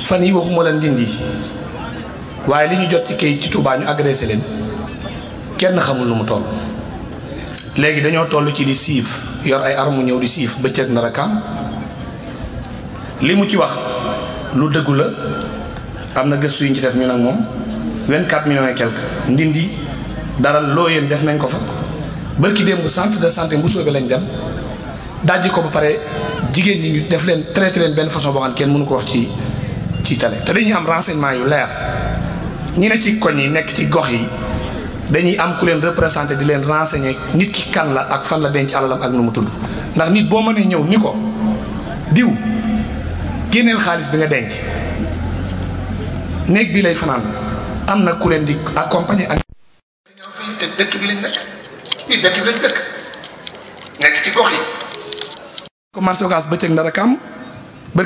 fan yi waxuma la ndindi waaye li ñu jot ci kayit ci Touba ñu agressé leen kenn xamul nu mu toll léegi dañoo toll ci di siif yor ay armu ñëw di siif bëccëg na kam li mu ci wax lu dëggu la am na gëstu yu ñu ci def ñu nag moom 24 millions et quelque ndindi dara loo yéen def nañ ko fa bërki démb centre de santé bu soobee lañ dem dajji ko ba pare jigéen ñi ñu def leen traité leen benn façon boo xam kenn mënu ko wax ci tiitale te dañuy am renseignement yu leer ñi ne ci koñ yi nekk ci gox yi dañuy am ku leen représenté di leen renseigner nit ki kan la ak fan la denc alalam ak nu mu tudd ndax nit boo mënee ñëw ni ko diw génneel xaalis bi nga denc néeg bi lay fanaan am na ku leen di accompagner ak ñëw fii te dëkk bi lañ dëkk nekk ci gox yi ko marché ogas bëccëg ndara kam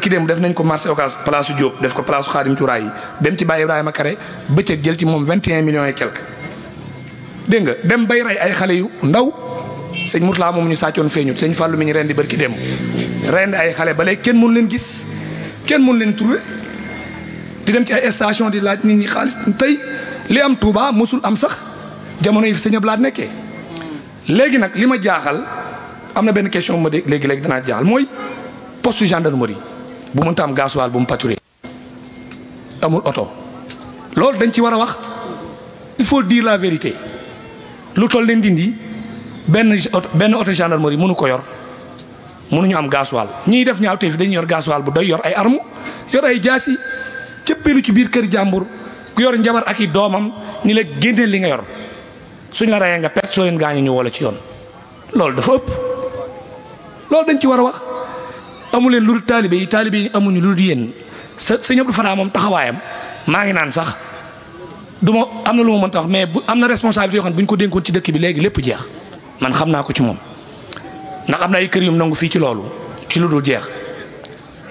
ki dem def nañ ko marché Ocass place Diop def ko place Xaadim Cuuraay yi dem ci Baye Ibrahima Kare bëccëg jël ci moom 21 millions et quelque. dégg nga dem bay rey ay xale yu ndaw sëñ Mourtala moom ñu sàccoon feeñut sëñ Fallou mi ñu rendi bërki dem rendi ay xale ba kenn mënu leen gis kenn mënu leen trouvé di dem ci ay station di laaj nit ñi xaalis tey li am Touba mosul am sax jamono yi fi sëñ Ablaat nekkee léegi nag li ma jaaxal am na benn question ma dégg léegi-léegi danaa jaaxal mooy post poste gendarmerie. bu mënta am gasoil bu mu pâturer amul oto loolu dañ ci war a wax il faut dire la vérité lu toll ne Ndindi benn oto benn oto gendarmerie mënu ko yor mënuñu am gasoil ñiy def ñaaw tey fi dañuy yor gasoil bu doy yor ay armes yor ay jaasi cëppeelu ci biir kër jàmbur ku yor njabar ak i doomam ni la génneel li nga yor suñ la rayee nga perte soo leen gaañu ñu wala ci yoon loolu dafa ëpp loolu dañ ci war a wax. amu leen lu dul taalibe yi taalibe yi amuñu lu dul yéen sa sëñ Abdou Fana moom taxawaayam maa ngi naan sax duma am na lu ma mënta mais bu am na responsabilité yoo xam ne bu ñu ko dénkoon ci dëkk bi léegi lépp jeex man xam naa ko ci moom ndax am na ay kër yu nangu fii ci loolu ci lu dul jeex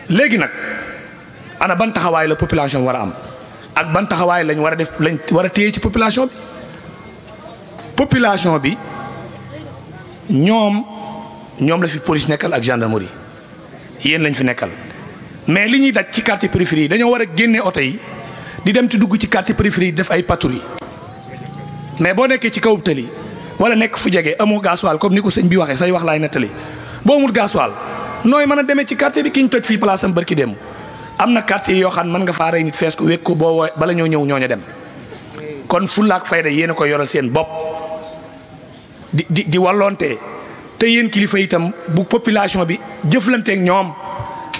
léegi nag ana ban taxawaay la population war a am ak ban taxawaay lañ war a def lañ war a téye ci population bi population bi ñoom ñoom la fi police nekkal ak gendarmerie yéen lañ fi nekkal mais li ñuy daj ci quartier périphérie yi dañoo war a génne oto yi di dem ci dugg ci quartier périphérie yi def ay patrouille mais boo nekkee ci kaw tali wala nekk fu jege amoo gasoil comme ni ko sëñ bi waxee say wax laay nettali boo amul gasoil nooy mën a demee ci quartier bi ki ñu toj fii place am barki dem am na quartier yoo xam mën nga faa rey nit fees ko wékk ko boo woo bala ñoo ñëw ñooña dem kon fullaak fayda yéen a ko yoral seen bopp di di di wallonte te yéen kilifa itam bu population bi jëflanteeg ñoom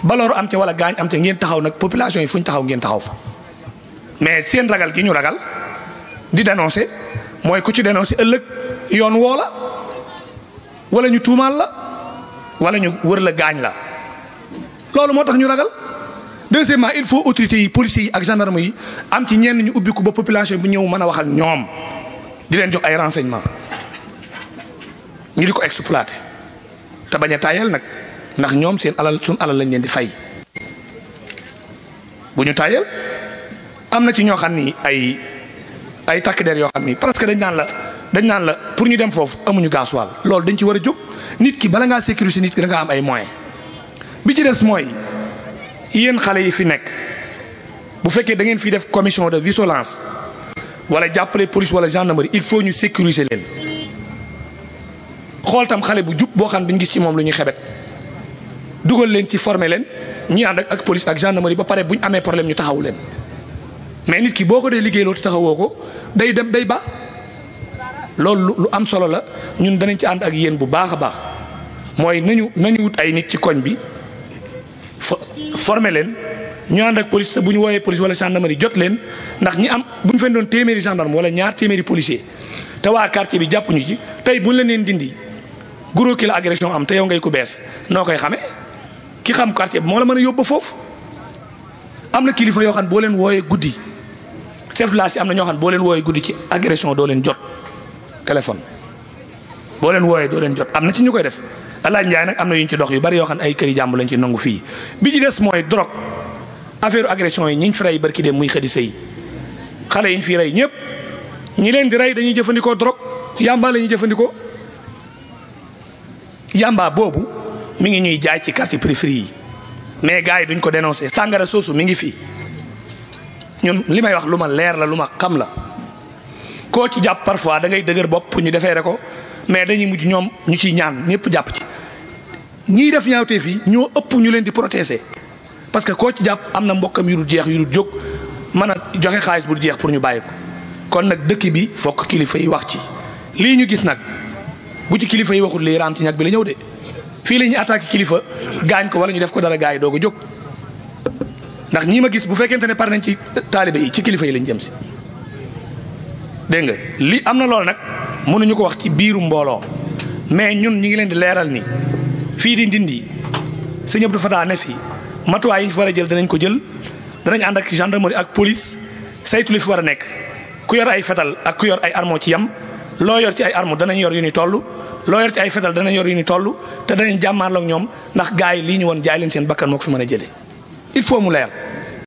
balooru am ca wala gaañ am ca ngeen taxaw nag population yi fu ñu taxaw ngeen taxaw fa mais seen ragal gi ñu ragal di dénoncer mooy ku ci dénoncer ëllëg yoon woola la wala ñu tuumaal la wala ñu wër la gaañ la loolu moo tax ñu ragal deuxièmement il faut autorité yi policiers yi ak gendarme yi am ci ñenn ñu ubbi ko ba population bi ñëw mën a wax ak ñoom di leen jox ay renseignements. ñu di ko exploité te bañ a taayal nag ndax ñoom seen alal suñ alal lañ leen di fay bu ñu taayal am na ci ñoo xam ni ay ay takk der yoo xam ni parce que dañ daan la dañ naan pour ñu dem foofu amuñu gaasuwaal loolu dañ ci war a jóg nit ki bala ngaa sécuriser nit ki da am ay moyen bi ci des mooy yéen xale yi fi nekk bu fekkee da ngeen fi def commission de violence wala jàppalee police wala gendarmerie il faut ñu sécuriser leen. xool tam xale bu jub boo xam ne duñ gis ci moom lu ñuy xebet dugal leen ci former leen ñuy ànd ak police ak gendarmerie ba pare bu amee problème ñu taxawu mais nit ki boo ko dee liggéey loolu taxawoo ko day dem day ba loolu lu am solo la ñun danañ ci ànd ak yéen bu baax a baax mooy nañu nañu wut ay nit ci koñ bi former leen ñu ànd ak police te bu ñu wooyee police wala gendarmerie jot leen ndax ñi am bu ñu feen doon téeméeri gendarme wala ñaar téeméeri policier te waa quartier bi jàppuñu ci tey bu ñu leen dindi. guroo ki la agression am te yow ngay ku bees noo koy xamee ki xam quartier moo la mën a yóbbu foofu am na kilifa yoo xam boo leen wooyee guddi chef de village am na ñoo xam boo leen wooyee guddi ci agression doo leen jot téléphone boo leen wooyee doo leen jot am na ci ñu koy def alaaj Njaay nag am na yu ñu ci dox yu bari yoo xam ne ay këri jàmb lañ ci nangu fii bi ci des mooy drogue affaire agression yi ñi ñu fi rey barki dem muy xëdi sëy xale yi ñu fi rey ñëpp ñi leen di dañuy jëfandikoo drogue yàmba la ñuy jëfandikoo yàmbaa boobu mu ngi ñuy jaay ci quartier périphérie yi mais gars yi duñ ko dénoncé sàngara soosu mu ngi fii ñun li may wax lu ma leer la lu ma xam la koo ci jàpp parfois da ngay dëgër bopp ñu defee rek mais dañuy mujj ñoom ñu ciy ñaan ñëpp jàpp ci ñii def ñaawtee fii ñoo ëpp ñu leen di protésé parce que koo ci jàpp am na mbokkam yu dul jeex yu dul jóg mën a joxe xaalis bu jeex pour ñu bàyyi ko kon nag dëkk bi fokk kilifa yi wax ci lii ñu gis nag bu ci kilifa yi waxut lii raam ci ñag bi la ñëw de fii la ñuy attaqué kilifa gaañ ko wala ñu def ko dara gaa yi doog a jóg ndax ñii ma gis bu fekkente ne par nañ ci taalibe yi ci kilifa yi lañ jëm si. dégg nga li am na lool nag mënuñu ko wax ci biiru mbooloo mais ñun ñu ngi leen di leeral ni fii di Ndindi sëñ Abdou Fatah ne fii matuwaay yi fi war a jël danañ ko jël danañ ànd ak gendarmerie ak police saytu li fi war a nekk ku yor ay fetal ak ku yor ay armo ci yam. loo yor ci ay armes danañ yor yu ni toll loo yor ci ay fetal danañ yor yu ni toll te danañ jàmmaarloo ak ñoom ndax gars yi lii ñu woon jaay leen seen bakkan moo ko fi mën a jëlee il faut mu leer